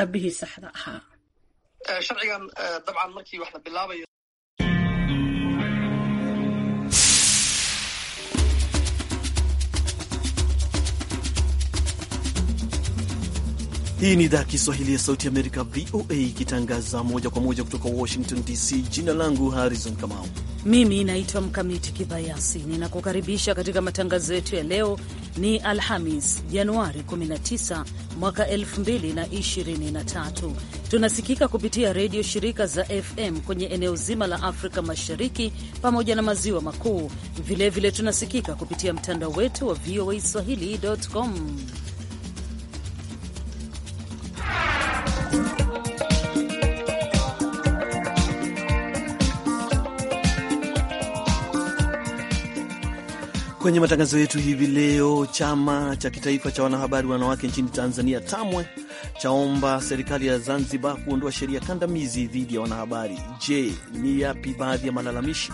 dhabbihii saxda ahaa Hii ni idhaa Kiswahili ya Sauti Amerika, VOA, ikitangaza moja kwa moja kutoka Washington DC. Jina langu Harrison Kamau. Mimi naitwa Mkamiti Kibayasi, ninakukaribisha katika matangazo yetu ya leo. Ni Alhamis, Januari 19 mwaka 2023. Tunasikika kupitia redio shirika za FM kwenye eneo zima la Afrika Mashariki pamoja na maziwa makuu. Vilevile tunasikika kupitia mtandao wetu wa VOA swahili.com. Kwenye matangazo yetu hivi leo, chama cha kitaifa cha wanahabari wanawake nchini Tanzania TAMWE chaomba serikali ya Zanzibar kuondoa sheria kandamizi dhidi ya wanahabari. Je, ni yapi baadhi ya malalamishi?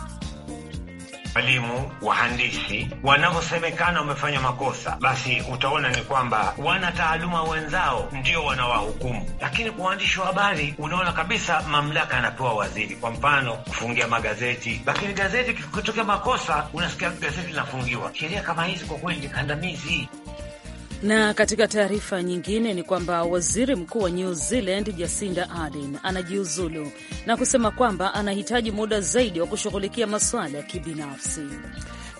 walimu, wahandisi wanavyosemekana wamefanya makosa, basi utaona ni kwamba wana taaluma wenzao ndio wanawahukumu. Lakini kwa waandishi wa habari, unaona kabisa mamlaka anapewa waziri, kwa mfano kufungia magazeti. Lakini gazeti kikitokea makosa, unasikia gazeti linafungiwa. Sheria kama hizi kwa kweli ni kandamizi. Na katika taarifa nyingine ni kwamba waziri mkuu wa New Zealand Jacinda Ardern anajiuzulu na kusema kwamba anahitaji muda zaidi wa kushughulikia masuala ya kibinafsi.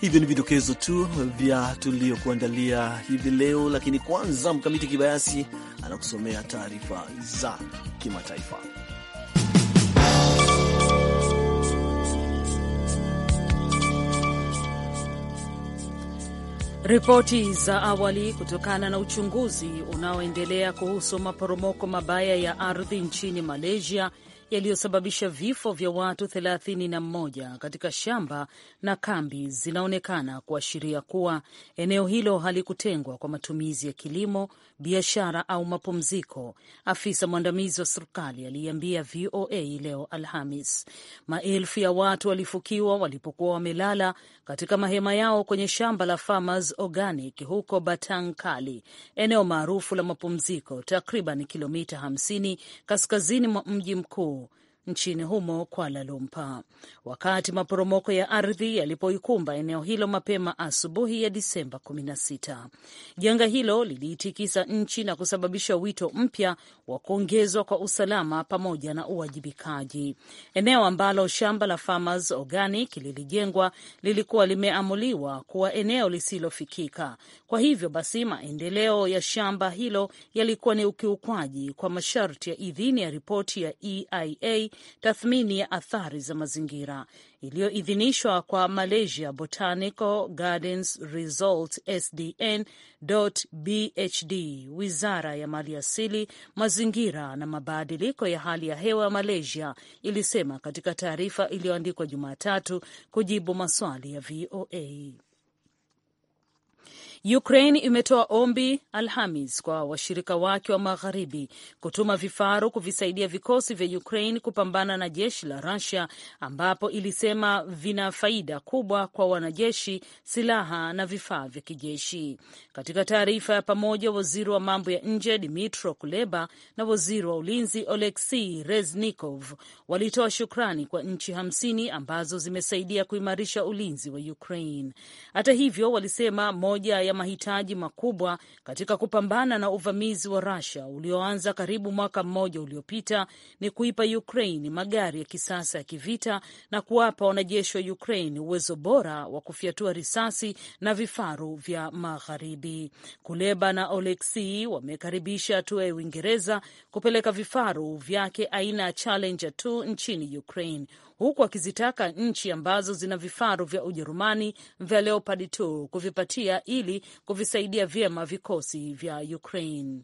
Hivyo ni vidokezo tu vya tuliokuandalia hivi leo, lakini kwanza Mkamiti Kibayasi anakusomea taarifa za kimataifa. Ripoti za awali kutokana na uchunguzi unaoendelea kuhusu maporomoko mabaya ya ardhi nchini Malaysia yaliyosababisha vifo vya watu thelathini na mmoja katika shamba na kambi zinaonekana kuashiria kuwa eneo hilo halikutengwa kwa matumizi ya kilimo, biashara au mapumziko, afisa mwandamizi wa serikali aliiambia VOA leo Alhamis. Maelfu ya watu walifukiwa walipokuwa wamelala katika mahema yao kwenye shamba la Farmers Organic huko Batang Kali, eneo maarufu la mapumziko takriban kilomita 50 kaskazini mwa mji mkuu nchini humo, Kuala Lumpur, wakati maporomoko ya ardhi yalipoikumba eneo hilo mapema asubuhi ya Disemba 16. Janga hilo liliitikisa nchi na kusababisha wito mpya wa kuongezwa kwa usalama pamoja na uwajibikaji. Eneo ambalo shamba la Farmers Organic lilijengwa lilikuwa limeamuliwa kuwa eneo lisilofikika. Kwa hivyo basi, maendeleo ya shamba hilo yalikuwa ni ukiukwaji kwa masharti ya idhini ya ripoti ya EIA tathmini ya athari za mazingira iliyoidhinishwa kwa Malaysia Botanical Gardens result SDN BHD, wizara ya maliasili, mazingira na mabadiliko ya hali ya hewa ya Malaysia ilisema katika taarifa iliyoandikwa Jumatatu kujibu maswali ya VOA. Ukraine imetoa ombi Alhamis kwa washirika wake wa magharibi kutuma vifaru kuvisaidia vikosi vya Ukraine kupambana na jeshi la Russia, ambapo ilisema vina faida kubwa kwa wanajeshi, silaha na vifaa vya kijeshi. Katika taarifa ya pamoja, waziri wa mambo ya nje Dmytro Kuleba na waziri wa ulinzi Oleksii Reznikov walitoa shukrani kwa nchi hamsini ambazo zimesaidia kuimarisha ulinzi wa Ukraine. Hata hivyo, walisema moja ya mahitaji makubwa katika kupambana na uvamizi wa Russia ulioanza karibu mwaka mmoja uliopita ni kuipa Ukraine magari ya kisasa ya kivita na kuwapa wanajeshi wa Ukraine uwezo bora wa kufyatua risasi na vifaru vya magharibi. Kuleba na Oleksii wamekaribisha hatua ya Uingereza kupeleka vifaru vyake aina ya Challenger 2 nchini Ukraine huku akizitaka nchi ambazo zina vifaru vya Ujerumani vya Leopard 2 kuvipatia ili kuvisaidia vyema vikosi vya Ukraine.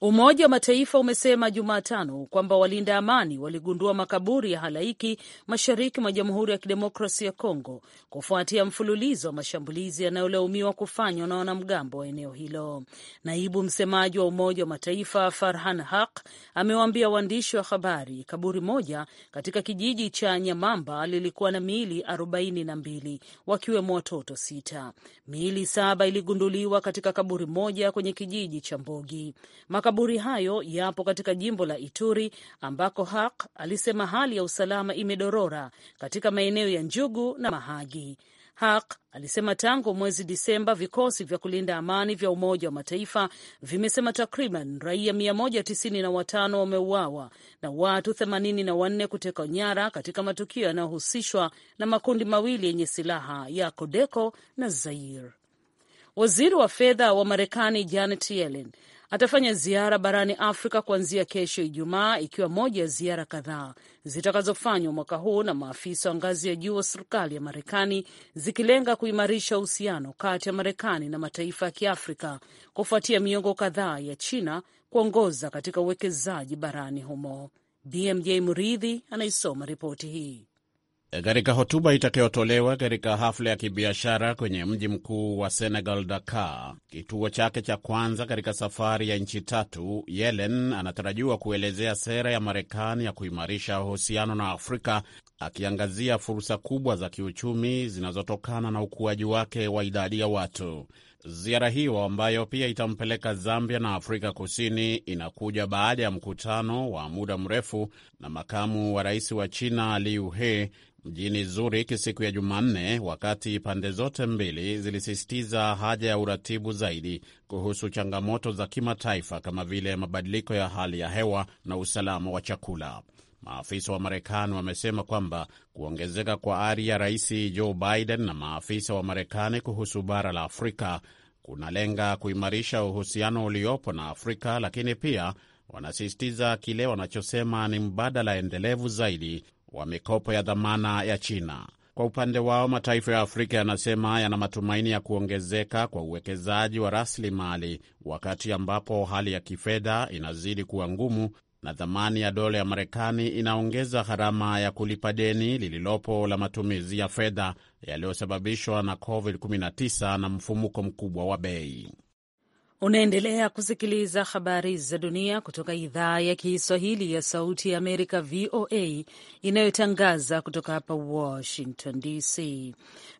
Umoja wa Mataifa umesema Jumatano kwamba walinda amani waligundua makaburi ya halaiki mashariki mwa Jamhuri ya Kidemokrasi ya Kongo kufuatia mfululizo wa mashambulizi yanayolaumiwa kufanywa na wanamgambo wa eneo hilo. Naibu msemaji wa Umoja wa Mataifa Farhan Haq amewaambia waandishi wa habari, kaburi moja katika kijiji cha Nyamamba lilikuwa na miili arobaini na mbili wakiwemo watoto sita. Miili saba iligunduliwa katika kaburi moja kwenye kijiji cha Mbogi. Makaburi hayo yapo katika jimbo la Ituri ambako Haq alisema hali ya usalama imedorora katika maeneo ya Njugu na Mahagi. Haq alisema tangu mwezi Disemba vikosi vya kulinda amani vya Umoja wa Mataifa vimesema takriban raia 195 wameuawa na watu 84 kutekwa nyara katika matukio yanayohusishwa na, makundi mawili yenye silaha ya Kodeko na Zair. Waziri wa fedha wa Marekani Janet Yellen atafanya ziara barani Afrika kuanzia kesho Ijumaa, ikiwa moja ya ziara kadhaa zitakazofanywa mwaka huu na maafisa wa ngazi ya juu wa serikali ya Marekani, zikilenga kuimarisha uhusiano kati ya Marekani na mataifa ya Kiafrika kufuatia miongo kadhaa ya China kuongoza katika uwekezaji barani humo. BMJ Muridhi anaisoma ripoti hii. Katika hotuba itakayotolewa katika hafla ya kibiashara kwenye mji mkuu wa Senegal, Dakar, kituo chake cha kwanza katika safari ya nchi tatu, Yellen anatarajiwa kuelezea sera ya Marekani ya kuimarisha uhusiano na Afrika, akiangazia fursa kubwa za kiuchumi zinazotokana na ukuaji wake wa idadi ya watu. Ziara hiyo ambayo pia itampeleka Zambia na Afrika Kusini inakuja baada ya mkutano wa muda mrefu na makamu wa rais wa China Liu He mjini Zurich siku ya Jumanne, wakati pande zote mbili zilisisitiza haja ya uratibu zaidi kuhusu changamoto za kimataifa kama vile mabadiliko ya hali ya hewa na usalama wa chakula. Maafisa wa Marekani wamesema kwamba kuongezeka kwa ari ya Rais Joe Biden na maafisa wa Marekani kuhusu bara la Afrika kunalenga kuimarisha uhusiano uliopo na Afrika, lakini pia wanasisitiza kile wanachosema ni mbadala endelevu zaidi wa mikopo ya dhamana ya China. Kwa upande wao, mataifa ya Afrika yanasema yana matumaini ya kuongezeka kwa uwekezaji wa rasilimali wakati ambapo hali ya kifedha inazidi kuwa ngumu na thamani ya dola ya Marekani inaongeza gharama ya kulipa deni lililopo la matumizi ya fedha yaliyosababishwa na COVID-19 na mfumuko mkubwa wa bei. Unaendelea kusikiliza habari za dunia kutoka idhaa ya Kiswahili ya Sauti ya Amerika, VOA, inayotangaza kutoka hapa Washington DC.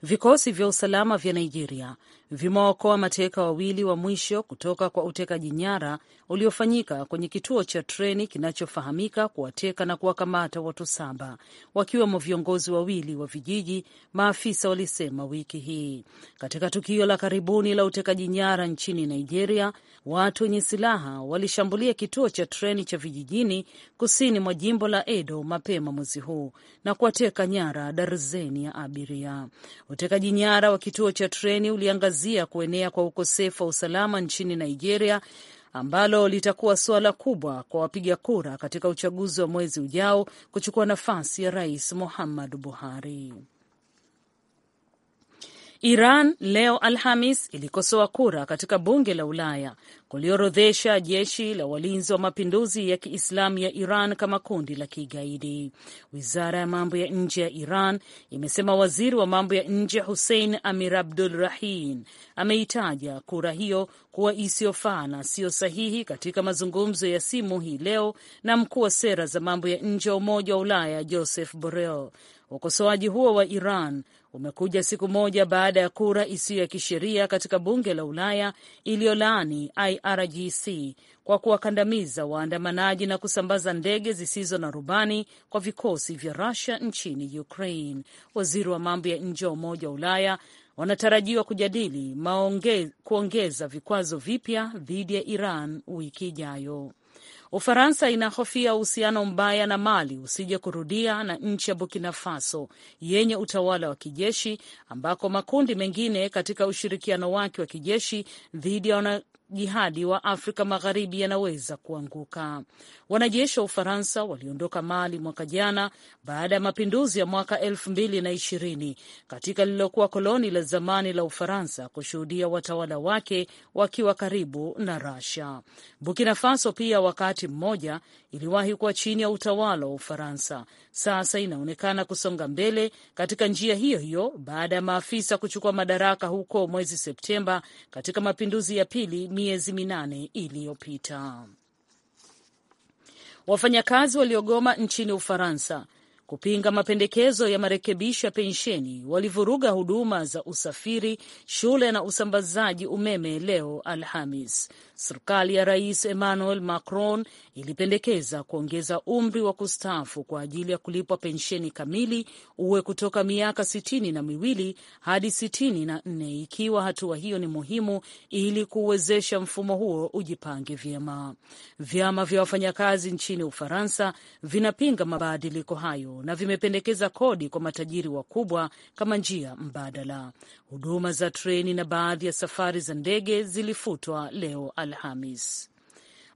Vikosi vya usalama vya Nigeria vimewaokoa mateka wawili wa mwisho kutoka kwa utekaji nyara uliofanyika kwenye kituo cha treni kinachofahamika kuwateka na kuwakamata watu saba wakiwemo viongozi wawili wa vijiji, maafisa walisema wiki hii. Katika tukio la karibuni la utekaji nyara nchini Nigeria, watu wenye silaha walishambulia kituo cha treni cha vijijini kusini mwa jimbo la Edo mapema mwezi huu na kuwateka nyara darzeni ya abiria. Utekaji nyara wa kituo cha treni uliangazia kuangazia kuenea kwa ukosefu wa usalama nchini Nigeria ambalo litakuwa suala kubwa kwa wapiga kura katika uchaguzi wa mwezi ujao kuchukua nafasi ya Rais Muhammadu Buhari. Iran leo Alhamis ilikosoa kura katika bunge la Ulaya kuliorodhesha jeshi la walinzi wa mapinduzi ya Kiislamu ya Iran kama kundi la kigaidi. Wizara ya mambo ya nje ya Iran imesema waziri wa mambo ya nje Hussein Amir Abdul Rahin ameitaja kura hiyo kuwa isiyofaa na siyo sahihi katika mazungumzo ya simu hii leo na mkuu wa sera za mambo ya nje ya Umoja wa Ulaya Joseph Borrell. Ukosoaji huo wa Iran umekuja siku moja baada ya kura isiyo ya kisheria katika bunge la Ulaya iliyolaani IRGC kwa kuwakandamiza waandamanaji na kusambaza ndege zisizo na rubani kwa vikosi vya Rusia nchini Ukraine. Waziri wa mambo ya nje wa Umoja wa Ulaya wanatarajiwa kujadili maonge, kuongeza vikwazo vipya dhidi ya Iran wiki ijayo. Ufaransa inahofia uhusiano mbaya na Mali usije kurudia na nchi ya Burkina Faso yenye utawala wa kijeshi ambako makundi mengine katika ushirikiano wake wa kijeshi dhidi ya jihadi wa Afrika Magharibi yanaweza kuanguka. Wanajeshi wa Ufaransa waliondoka Mali mwaka jana baada ya mapinduzi ya mwaka elfu mbili na ishirini katika lililokuwa koloni la zamani la Ufaransa, kushuhudia watawala wake wakiwa karibu na rasia Burkina Faso pia wakati mmoja iliwahi kuwa chini ya utawala wa Ufaransa sasa inaonekana kusonga mbele katika njia hiyo hiyo baada ya maafisa kuchukua madaraka huko mwezi Septemba katika mapinduzi ya pili miezi minane iliyopita. Wafanyakazi waliogoma nchini Ufaransa kupinga mapendekezo ya marekebisho ya pensheni walivuruga huduma za usafiri, shule na usambazaji umeme leo Alhamis. Serikali ya Rais Emmanuel Macron ilipendekeza kuongeza umri wa kustaafu kwa ajili ya kulipwa pensheni kamili uwe kutoka miaka sitini na miwili hadi sitini na nne ikiwa hatua hiyo ni muhimu ili kuuwezesha mfumo huo ujipange vyema. Vyama vya wafanyakazi nchini Ufaransa vinapinga mabadiliko hayo na vimependekeza kodi kwa matajiri wakubwa kama njia mbadala. Huduma za treni na baadhi ya safari za ndege zilifutwa leo Alhamis.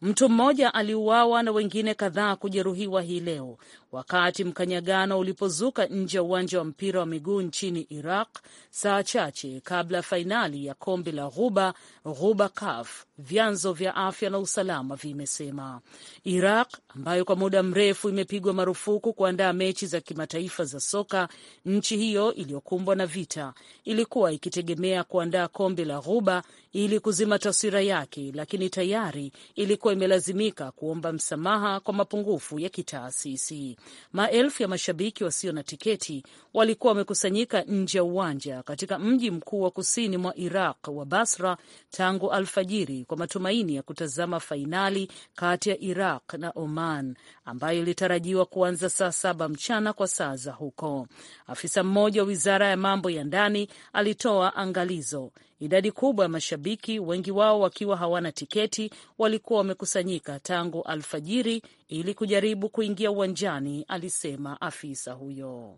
Mtu mmoja aliuawa na wengine kadhaa kujeruhiwa hii leo wakati mkanyagano ulipozuka nje ya uwanja wa mpira wa miguu nchini Iraq saa chache kabla ya fainali ya kombe la Ghuba Ghuba CAF, vyanzo vya afya na usalama vimesema. Iraq ambayo kwa muda mrefu imepigwa marufuku kuandaa mechi za kimataifa za soka, nchi hiyo iliyokumbwa na vita ilikuwa ikitegemea kuandaa kombe la Ghuba ili kuzima taswira yake, lakini tayari ilikuwa imelazimika kuomba msamaha kwa mapungufu ya kitaasisi maelfu ya mashabiki wasio na tiketi walikuwa wamekusanyika nje ya uwanja katika mji mkuu wa kusini mwa Iraq wa Basra tangu alfajiri kwa matumaini ya kutazama fainali kati ya Iraq na Oman ambayo ilitarajiwa kuanza saa saba mchana kwa saa za huko. Afisa mmoja wa wizara ya mambo ya ndani alitoa angalizo Idadi kubwa ya mashabiki, wengi wao wakiwa hawana tiketi, walikuwa wamekusanyika tangu alfajiri ili kujaribu kuingia uwanjani, alisema afisa huyo.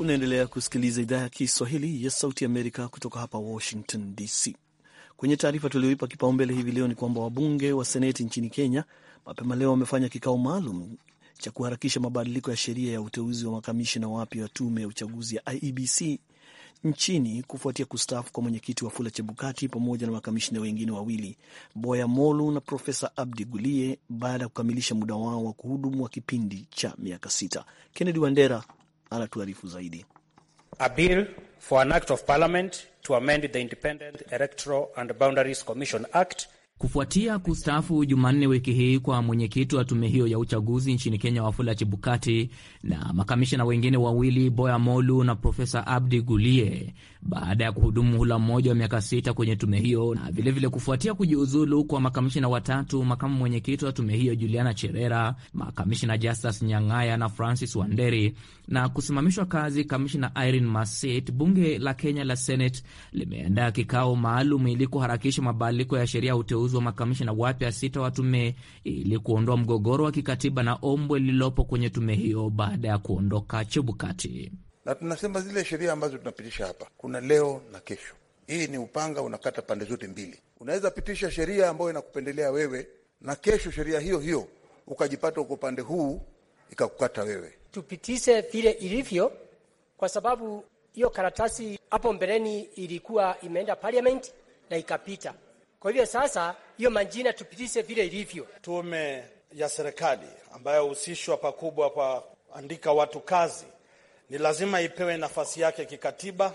Unaendelea kusikiliza idhaa ya Kiswahili ya Sauti Amerika kutoka hapa Washington DC. Kwenye taarifa tulioipa kipaumbele hivi leo ni kwamba wabunge wa seneti nchini Kenya mapema leo wamefanya kikao maalum cha kuharakisha mabadiliko ya sheria ya uteuzi wa makamishina wapya wa tume ya uchaguzi ya IEBC nchini kufuatia kustaafu kwa mwenyekiti wa fula Chebukati pamoja na makamishina wengine wawili Boya Molu na Profesa Abdi Gulie baada ya kukamilisha muda wao wa kuhudumu wa kipindi cha miaka sita. Kennedy Wandera anatuarifu zaidi. A bill for an act of parliament to amend the Independent Electoral and Boundaries Commission Act Kufuatia kustaafu Jumanne wiki hii kwa mwenyekiti wa tume hiyo ya uchaguzi nchini Kenya, Wafula Chebukati na makamishina wengine wawili, Boya Molu na Profesa Abdi Gulie, baada ya kuhudumu muhula mmoja wa miaka sita kwenye tume hiyo na vilevile vile kufuatia kujiuzulu kwa makamishina watatu, makamu mwenyekiti wa tume hiyo Juliana Cherera, makamishina Justus Nyang'aya na Francis Wanderi, na kusimamishwa kazi kamishina Irene Masit. Bunge la Kenya la Senate limeandaa kikao maalum ili kuharakisha mabadiliko ya sheria ya uteuzi wa makamishina wapya sita wa tume ili kuondoa mgogoro wa kikatiba na ombwe lililopo kwenye tume hiyo baada ya kuondoka Chebukati na tunasema zile sheria ambazo tunapitisha hapa, kuna leo na kesho. Hii ni upanga unakata pande zote mbili. Unaweza pitisha sheria ambayo inakupendelea wewe, na kesho sheria hiyo hiyo ukajipata uko upande huu ikakukata wewe. Tupitishe vile ilivyo, kwa sababu hiyo karatasi hapo mbeleni ilikuwa imeenda parliament na ikapita. Kwa hivyo sasa hiyo majina tupitishe vile ilivyo. Tume ya serikali ambayo husishwa pakubwa kwa andika watu kazi ni lazima ipewe nafasi yake kikatiba,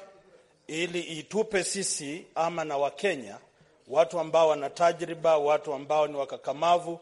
ili itupe sisi ama na Wakenya watu ambao wana tajriba, watu ambao ni wakakamavu,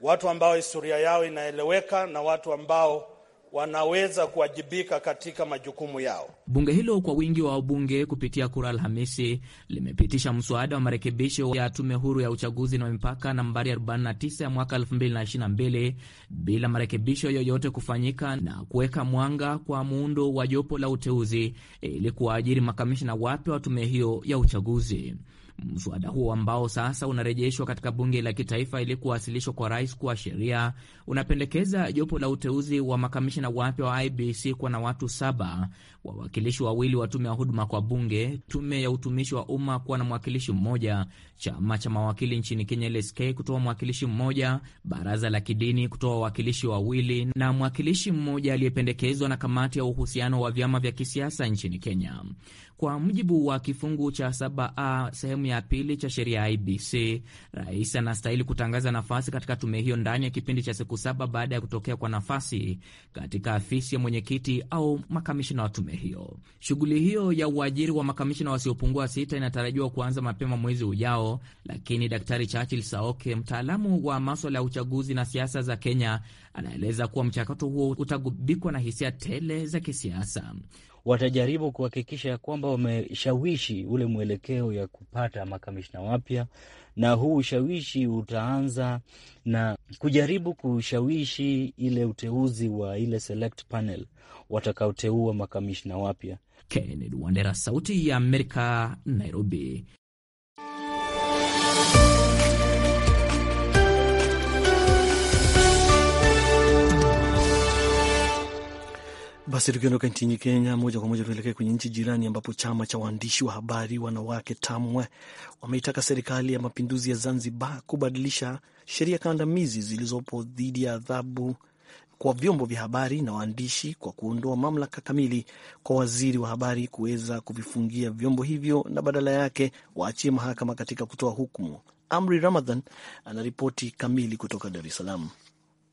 watu ambao historia yao inaeleweka na watu ambao wanaweza kuwajibika katika majukumu yao. Bunge hilo kwa wingi wa wabunge kupitia kura Alhamisi limepitisha mswada wa marekebisho ya tume huru ya uchaguzi na mipaka nambari 49 ya mwaka 2022 bila marekebisho yoyote kufanyika na kuweka mwanga kwa muundo wa jopo la uteuzi ili kuwaajiri makamishina wapya wa tume hiyo ya uchaguzi. Mswada huo ambao sasa unarejeshwa katika bunge la kitaifa ili kuwasilishwa kwa rais kuwa sheria, unapendekeza jopo la uteuzi wa makamishina wapya wa IBC kuwa na watu saba, wawakilishi wawili wa tume ya huduma kwa bunge, tume ya utumishi wa umma kuwa na mwakilishi mmoja, chama cha mawakili nchini Kenya LSK kutoa mwakilishi mmoja, baraza la kidini kutoa wawakilishi wawili na mwakilishi mmoja aliyependekezwa na kamati ya uhusiano wa vyama vya kisiasa nchini Kenya. Kwa mujibu wa kifungu cha 7a sehemu ya pili cha sheria ya IBC, rais anastahili kutangaza nafasi katika tume hiyo ndani ya kipindi cha siku saba baada ya kutokea kwa nafasi katika afisi ya mwenyekiti au makamishina wa tume hiyo. Shughuli hiyo ya uajiri wa makamishina wasiopungua sita inatarajiwa kuanza mapema mwezi ujao, lakini Daktari Churchill Saoke, mtaalamu wa maswala ya uchaguzi na siasa za Kenya, anaeleza kuwa mchakato huo utagubikwa na hisia tele za kisiasa watajaribu kuhakikisha kwamba wameshawishi ule mwelekeo ya kupata makamishna wapya, na huu ushawishi utaanza na kujaribu kushawishi ile uteuzi wa ile select panel watakaoteua makamishna wapya. Kennedy Wandera, Sauti ya Amerika, Nairobi. Basi tukiondoka nchini Kenya, moja kwa moja tuelekee kwenye nchi jirani ambapo chama cha waandishi wa habari wanawake TAMWE wameitaka serikali ya mapinduzi ya Zanzibar kubadilisha sheria kandamizi zilizopo dhidi ya adhabu kwa vyombo vya habari na waandishi kwa kuondoa mamlaka kamili kwa waziri wa habari kuweza kuvifungia vyombo hivyo na badala yake waachie mahakama katika kutoa hukumu. Amri Ramadhan anaripoti kamili kutoka Dar es Salaam.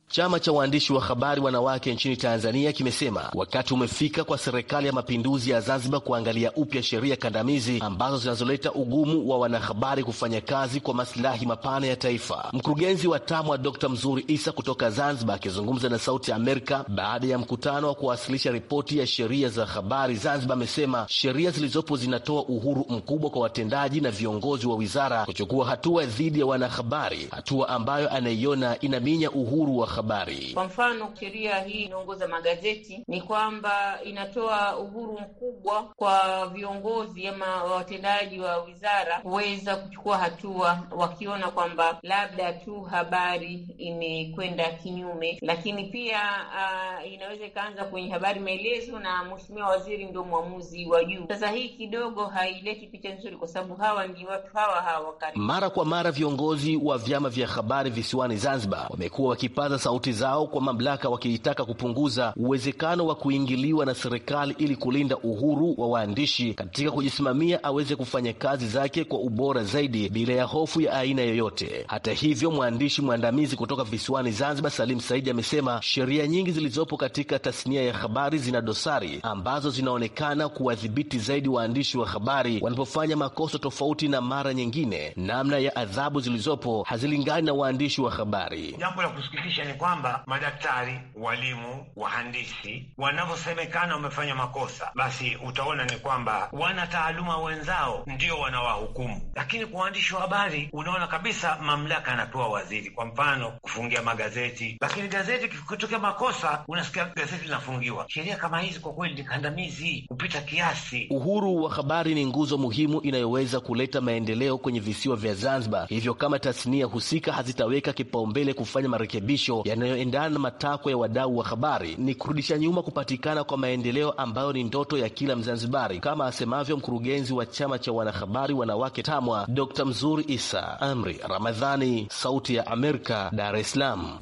Chama cha waandishi wa habari wanawake nchini Tanzania kimesema wakati umefika kwa serikali ya mapinduzi ya Zanzibar kuangalia upya sheria kandamizi ambazo zinazoleta ugumu wa wanahabari kufanya kazi kwa masilahi mapana ya taifa. Mkurugenzi wa TAMWA Dr. Mzuri Isa kutoka Zanzibar akizungumza na Sauti ya Amerika baada ya mkutano wa kuwasilisha ripoti ya sheria za habari Zanzibar amesema sheria zilizopo zinatoa uhuru mkubwa kwa watendaji na viongozi wa wizara kuchukua hatua dhidi ya wanahabari, hatua ambayo anaiona inaminya uhuru wa habari. Kwa mfano, sheria hii inaongoza magazeti ni kwamba inatoa uhuru mkubwa kwa viongozi ama watendaji wa wizara kuweza kuchukua hatua wakiona kwamba labda tu habari imekwenda kinyume, lakini pia uh, inaweza ikaanza kwenye habari maelezo na mheshimiwa waziri ndio mwamuzi wa juu. Sasa hii kidogo haileti picha nzuri, kwa sababu hawa ni watu hawa hawa Mara kwa mara viongozi wa vyama vya habari visiwani Zanzibar wamekuwa wakipaza sauti zao kwa mamlaka wakiitaka kupunguza uwezekano wa kuingiliwa na serikali ili kulinda uhuru wa waandishi katika kujisimamia aweze kufanya kazi zake kwa ubora zaidi bila ya hofu ya aina yoyote. Hata hivyo, mwandishi mwandamizi kutoka visiwani Zanzibar, Salim Saidi, amesema sheria nyingi zilizopo katika tasnia ya habari zina dosari ambazo zinaonekana kuwadhibiti zaidi waandishi wa habari wanapofanya makosa tofauti, na mara nyingine namna ya adhabu zilizopo hazilingani na waandishi wa habari. Jambo la kusikitisha ni kwamba madaktari, walimu, wahandisi wanavyosemekana wamefanya makosa, basi utaona ni kwamba wanataaluma wenzao ndio wanawahukumu, lakini kwa waandishi wa habari unaona kabisa mamlaka anapewa waziri. Kwa mfano, kufungia magazeti, lakini gazeti kikitokea makosa unasikia gazeti linafungiwa. Sheria kama hizi kwa kweli ni kandamizi kupita kiasi. Uhuru wa habari ni nguzo muhimu inayoweza kuleta maendeleo kwenye visiwa vya Zanzibar. Hivyo kama tasnia husika hazitaweka kipaumbele kufanya marekebisho yanayoendana na matakwa ya wadau wa habari ni kurudisha nyuma kupatikana kwa maendeleo ambayo ni ndoto ya kila Mzanzibari, kama asemavyo mkurugenzi wa chama cha wanahabari wanawake TAMWA, Dr. Mzuri Isa Amri Ramadhani, Sauti ya Amerika, Dar es Salaam.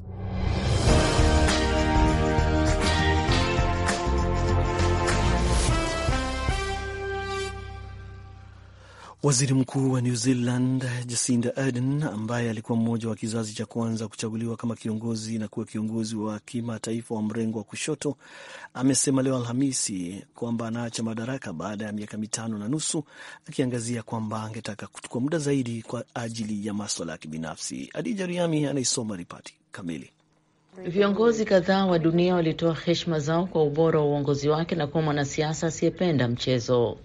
Waziri Mkuu wa New Zealand Jacinda Ardern ambaye alikuwa mmoja wa kizazi cha kwanza kuchaguliwa kama kiongozi na kuwa kiongozi wa kimataifa wa mrengo wa kushoto amesema leo Alhamisi kwamba anaacha madaraka baada ya miaka mitano na nusu, akiangazia kwamba angetaka kuchukua muda zaidi kwa ajili ya maswala ya kibinafsi. Adija Riami anaisoma ripoti kamili. Viongozi kadhaa wa dunia walitoa heshima zao kwa ubora wa uongozi wake na kuwa mwanasiasa asiyependa mchezo.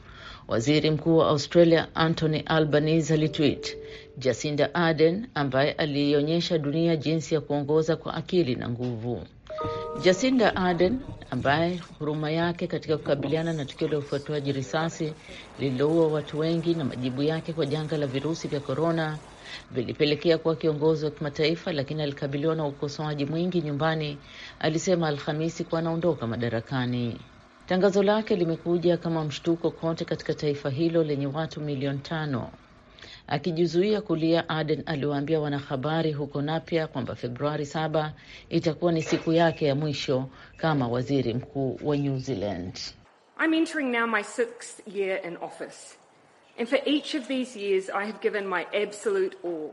Waziri Mkuu wa Australia Anthony Albanese alitweet Jacinda Ardern ambaye aliionyesha dunia jinsi ya kuongoza kwa akili na nguvu. Jacinda Ardern ambaye huruma yake katika kukabiliana na tukio la ufuatiaji risasi lililoua watu wengi na majibu yake kwa janga la virusi vya korona vilipelekea kuwa kiongozi wa kimataifa, lakini alikabiliwa na ukosoaji mwingi nyumbani. Alisema Alhamisi kuwa anaondoka madarakani. Tangazo lake limekuja kama mshtuko kote katika taifa hilo lenye watu milioni tano. Akijizuia kulia, Aden aliwaambia wanahabari huko Napya kwamba Februari saba itakuwa ni siku yake ya mwisho kama waziri mkuu wa New Zealand. I'm entering now my sixth year in office.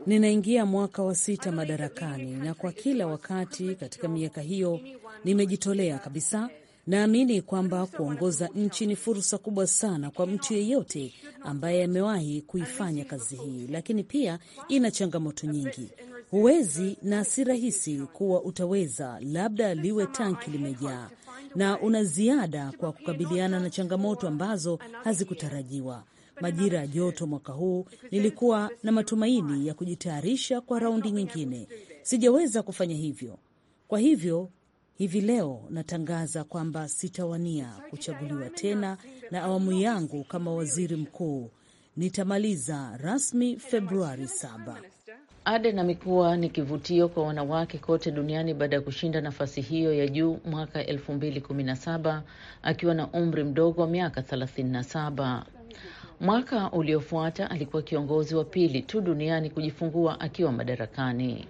Ninaingia mwaka wa sita madarakani na kwa kila wakati katika miaka hiyo nimejitolea kabisa Naamini kwamba kuongoza nchi ni fursa kubwa sana kwa mtu yeyote ambaye amewahi kuifanya kazi hii, lakini pia ina changamoto nyingi. Huwezi na si rahisi kuwa utaweza, labda liwe tanki limejaa, na una ziada kwa kukabiliana na changamoto ambazo hazikutarajiwa. Majira ya joto mwaka huu, nilikuwa na matumaini ya kujitayarisha kwa raundi nyingine. Sijaweza kufanya hivyo. Kwa hivyo Hivi leo natangaza kwamba sitawania kuchaguliwa tena na awamu yangu kama waziri mkuu. Nitamaliza rasmi Februari saba. Aden amekuwa ni kivutio kwa wanawake kote duniani baada ya kushinda nafasi hiyo ya juu mwaka 2017 akiwa na umri mdogo wa miaka 37. Mwaka uliofuata alikuwa kiongozi wa pili tu duniani kujifungua akiwa madarakani.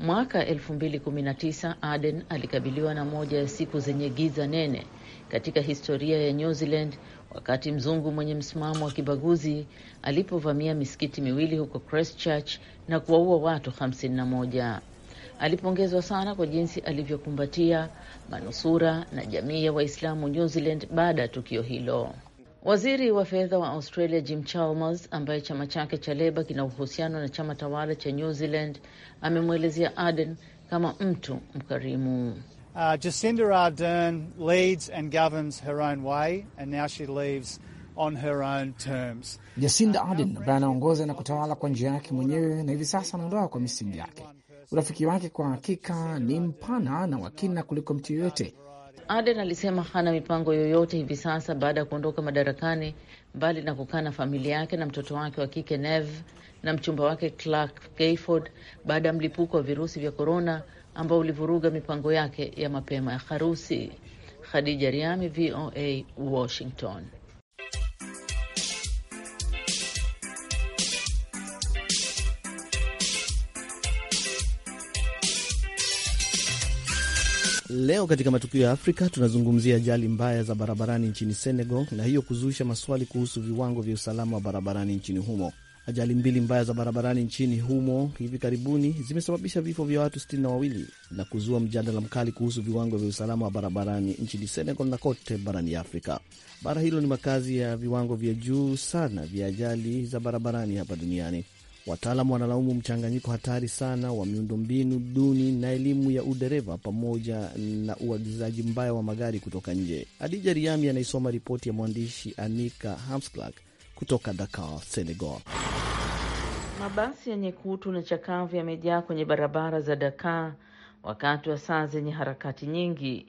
Mwaka 2019 Aden alikabiliwa na moja ya siku zenye giza nene katika historia ya New Zealand wakati mzungu mwenye msimamo wa kibaguzi alipovamia misikiti miwili huko Christchurch na kuwaua watu 51. Alipongezwa sana kwa jinsi alivyokumbatia manusura na jamii ya Waislamu New Zealand baada ya tukio hilo. Waziri wa fedha wa Australia Jim Chalmers, ambaye chama chake cha Leba kina uhusiano na chama tawala cha New Zealand, amemwelezea aden kama mtu mkarimu. Uh, Jacinda Ardern leads and governs her own way and now she leaves on her own terms. Jacinda Ardern ambaye anaongoza na kutawala kwa njia yake mwenyewe na hivi sasa anaondoka kwa misingi yake. Urafiki wake kwa hakika ni mpana na wakina kuliko mtu yoyote Aden alisema hana mipango yoyote hivi sasa baada ya kuondoka madarakani, mbali na kukaa na familia yake na mtoto wake wa kike Nev na mchumba wake Clark Gayford baada ya mlipuko wa virusi vya korona ambao ulivuruga mipango yake ya mapema ya harusi. Khadija Riami, VOA, Washington. Leo katika matukio ya Afrika tunazungumzia ajali mbaya za barabarani nchini Senegal na hiyo kuzusha maswali kuhusu viwango vya usalama wa barabarani nchini humo. Ajali mbili mbaya za barabarani nchini humo hivi karibuni zimesababisha vifo vya watu sitini na wawili na kuzua mjadala mkali kuhusu viwango vya usalama wa barabarani nchini Senegal na kote barani Afrika. Bara hilo ni makazi ya viwango vya juu sana vya ajali za barabarani hapa duniani. Wataalamu wanalaumu mchanganyiko hatari sana wa miundombinu duni na elimu ya udereva pamoja na uagizaji mbaya wa magari kutoka nje. Adija Riami anaisoma ripoti ya mwandishi Anika Hamsclark kutoka Dakar, Senegal. Mabasi yenye kutu na chakavu yamejaa kwenye barabara za Dakar wakati wa saa zenye harakati nyingi.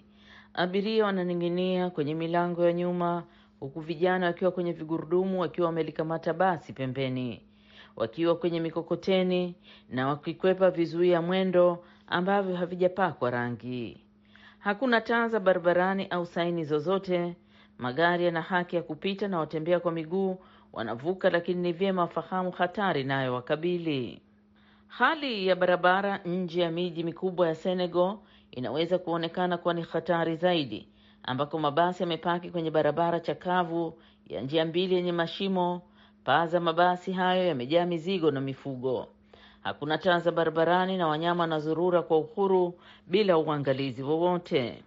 Abiria wananing'inia kwenye milango ya nyuma, huku vijana wakiwa kwenye vigurudumu wakiwa wamelikamata basi pembeni wakiwa kwenye mikokoteni na wakikwepa vizuia mwendo ambavyo havijapakwa rangi. Hakuna taa za barabarani au saini zozote. Magari yana haki ya kupita na watembea kwa miguu wanavuka, lakini ni vyema wafahamu hatari nayo wakabili. Hali ya barabara nje ya miji mikubwa ya Senegal inaweza kuonekana kuwa ni hatari zaidi, ambako mabasi yamepaki kwenye barabara chakavu ya njia mbili yenye mashimo Paa za mabasi hayo yamejaa mizigo na mifugo. Hakuna taa za barabarani na wanyama wanazurura kwa uhuru bila uangalizi wowote.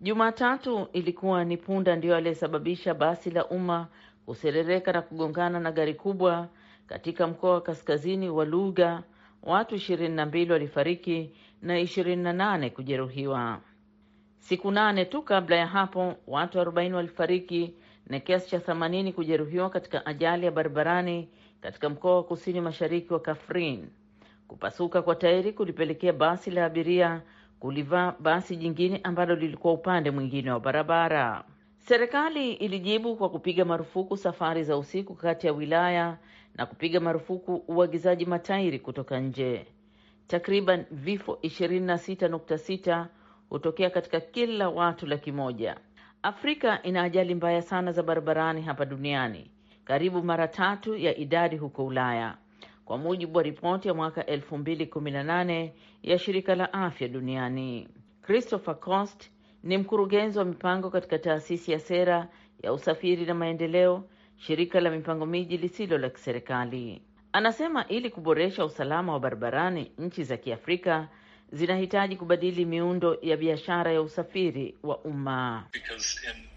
Jumatatu ilikuwa ni punda ndiyo aliyesababisha basi la umma kuserereka na kugongana na gari kubwa katika mkoa wa kaskazini wa Luga. Watu 22 walifariki na 28 kujeruhiwa. Siku nane tu kabla ya hapo, watu 40 walifariki na kiasi cha 80 kujeruhiwa katika ajali ya barabarani katika mkoa wa kusini mashariki wa Kafrin. Kupasuka kwa tairi kulipelekea basi la abiria kulivaa basi jingine ambalo lilikuwa upande mwingine wa barabara. Serikali ilijibu kwa kupiga marufuku safari za usiku kati ya wilaya na kupiga marufuku uagizaji matairi kutoka nje. Takriban vifo 26.6 hutokea katika kila watu laki moja. Afrika ina ajali mbaya sana za barabarani hapa duniani, karibu mara tatu ya idadi huko Ulaya, kwa mujibu wa ripoti ya mwaka 2018 ya shirika la afya duniani. Christopher Cost ni mkurugenzi wa mipango katika taasisi ya sera ya usafiri na maendeleo, shirika la mipango miji lisilo la kiserikali. Anasema ili kuboresha usalama wa barabarani, nchi za Kiafrika zinahitaji kubadili miundo ya biashara ya usafiri wa umma.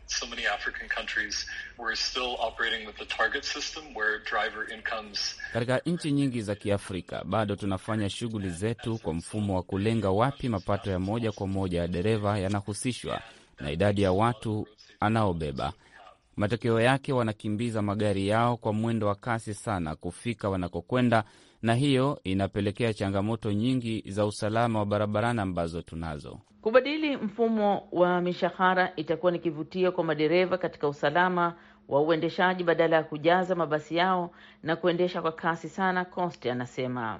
So many African countries we're still operating with the target system where driver incomes... Katika nchi nyingi za Kiafrika bado tunafanya shughuli zetu kwa mfumo wa kulenga wapi mapato ya moja kwa moja ya dereva yanahusishwa na idadi ya watu anaobeba. Matokeo yake wanakimbiza magari yao kwa mwendo wa kasi sana kufika wanakokwenda na hiyo inapelekea changamoto nyingi za usalama wa barabarani ambazo tunazo. Kubadili mfumo wa mishahara itakuwa ni kivutio kwa madereva katika usalama wa uendeshaji badala ya kujaza mabasi yao na kuendesha kwa kasi sana, Coste anasema.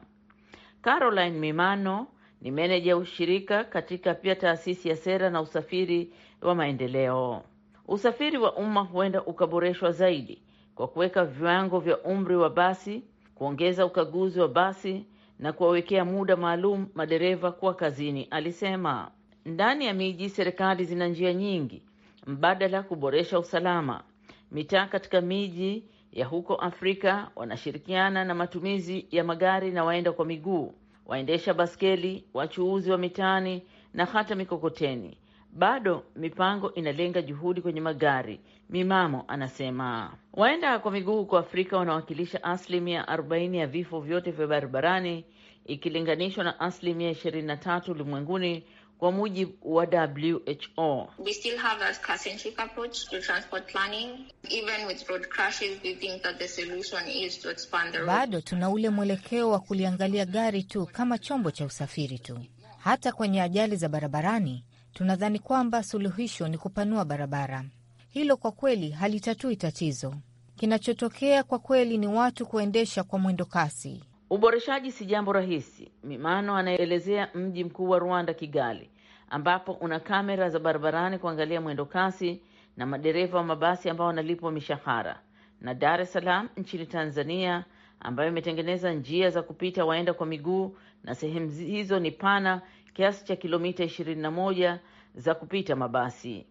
Caroline Mimano ni meneja ya ushirika katika pia taasisi ya sera na usafiri wa maendeleo. Usafiri wa umma huenda ukaboreshwa zaidi kwa kuweka viwango vya umri wa basi kuongeza ukaguzi wa basi na kuwawekea muda maalum madereva kuwa kazini, alisema. Ndani ya miji, serikali zina njia nyingi mbadala kuboresha usalama. Mitaa katika miji ya huko Afrika wanashirikiana na matumizi ya magari na waenda kwa miguu, waendesha baskeli, wachuuzi wa mitaani na hata mikokoteni. Bado mipango inalenga juhudi kwenye magari. Mimamo anasema waenda kwa miguu kwa Afrika wanawakilisha asilimia 40 ya vifo vyote vya barabarani ikilinganishwa na asilimia 23 ulimwenguni kwa mujibu wa WHO. We still have a car-centric approach to transport planning. Even with road crashes, we think that the solution is to expand the road. Bado tuna ule mwelekeo wa kuliangalia gari tu kama chombo cha usafiri tu. Hata kwenye ajali za barabarani Tunadhani kwamba suluhisho ni kupanua barabara. Hilo kwa kweli halitatui tatizo. Kinachotokea kwa kweli ni watu kuendesha kwa mwendo kasi. Uboreshaji si jambo rahisi. Mimano anaelezea mji mkuu wa Rwanda, Kigali, ambapo una kamera za barabarani kuangalia mwendo kasi na madereva wa mabasi ambao wanalipwa mishahara, na Dar es Salaam nchini Tanzania, ambayo imetengeneza njia za kupita waenda kwa miguu, na sehemu hizo ni pana kiasi cha kilomita 21 za kupita mabasi.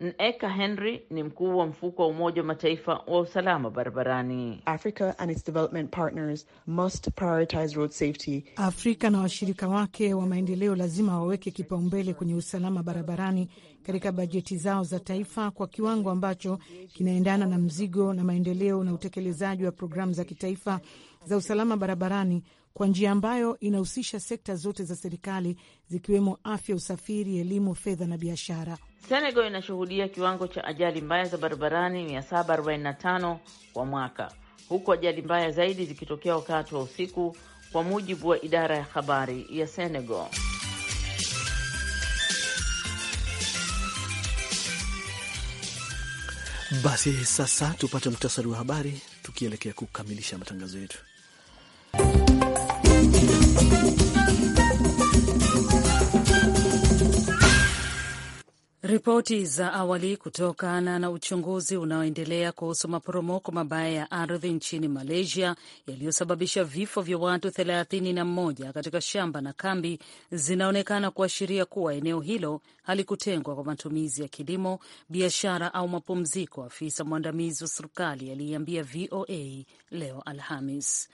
N'Eka Henry ni mkuu wa mfuko wa Umoja wa Mataifa wa usalama barabarani. Africa and its development partners must prioritize road safety. Afrika na washirika wake wa maendeleo lazima waweke kipaumbele kwenye usalama barabarani katika bajeti zao za taifa kwa kiwango ambacho kinaendana na mzigo na maendeleo na utekelezaji wa programu za kitaifa za usalama barabarani kwa njia ambayo inahusisha sekta zote za serikali zikiwemo afya, usafiri, elimu, fedha na biashara. Senegal inashuhudia kiwango cha ajali mbaya za barabarani 745 kwa mwaka, huku ajali mbaya zaidi zikitokea wakati wa usiku, kwa mujibu wa idara ya habari ya Senegal. Basi sasa tupate muhtasari wa habari tukielekea kukamilisha matangazo yetu. Ripoti za awali kutokana na uchunguzi unaoendelea kuhusu maporomoko mabaya ya ardhi nchini Malaysia yaliyosababisha vifo vya watu thelathini na mmoja katika shamba na kambi zinaonekana kuashiria kuwa eneo hilo halikutengwa kwa matumizi ya kilimo, biashara au mapumziko, afisa mwandamizi wa serikali aliiambia VOA leo Alhamis.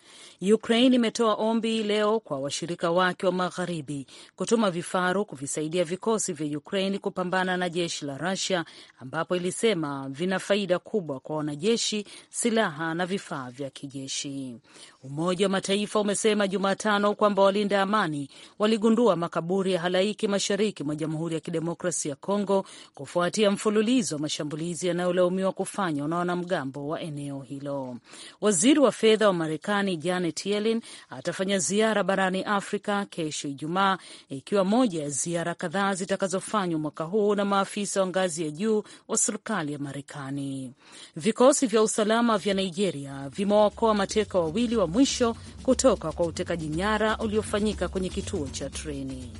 Ukraine imetoa ombi leo kwa washirika wake wa magharibi kutuma vifaru kuvisaidia vikosi vya Ukraine kupambana na jeshi la rusia ambapo ilisema vina faida kubwa kwa wanajeshi, silaha na vifaa vya kijeshi. Umoja wa Mataifa umesema Jumatano kwamba walinda amani waligundua makaburi ya halaiki mashariki mwa Jamhuri ya Kidemokrasi ya Kongo kufuatia mfululizo wa mashambulizi yanayolaumiwa kufanywa na wanamgambo wa eneo hilo. Waziri wa fedha wa Marekani Janet Yellen atafanya ziara barani Afrika kesho Ijumaa, ikiwa moja ya ziara kadhaa zitakazofanywa mwaka huu na maafisa wa ngazi ya juu wa serikali ya Marekani. Vikosi vya usalama vya Nigeria vimewaokoa mateka wawili wa mwisho kutoka kwa utekaji nyara uliofanyika kwenye kituo cha treni.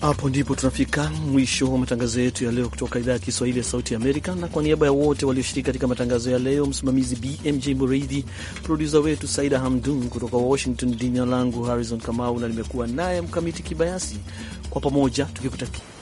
Hapo ndipo tunafika mwisho wa matangazo yetu ya leo kutoka idhaa ya Kiswahili ya Sauti Amerika. Na kwa niaba ya wote walioshiriki katika matangazo ya leo, msimamizi BMJ Muridhi, produsa wetu Saida Hamdun kutoka Washington, jina langu Harrison Kamau na limekuwa naye Mkamiti Kibayasi, kwa pamoja tukikutakia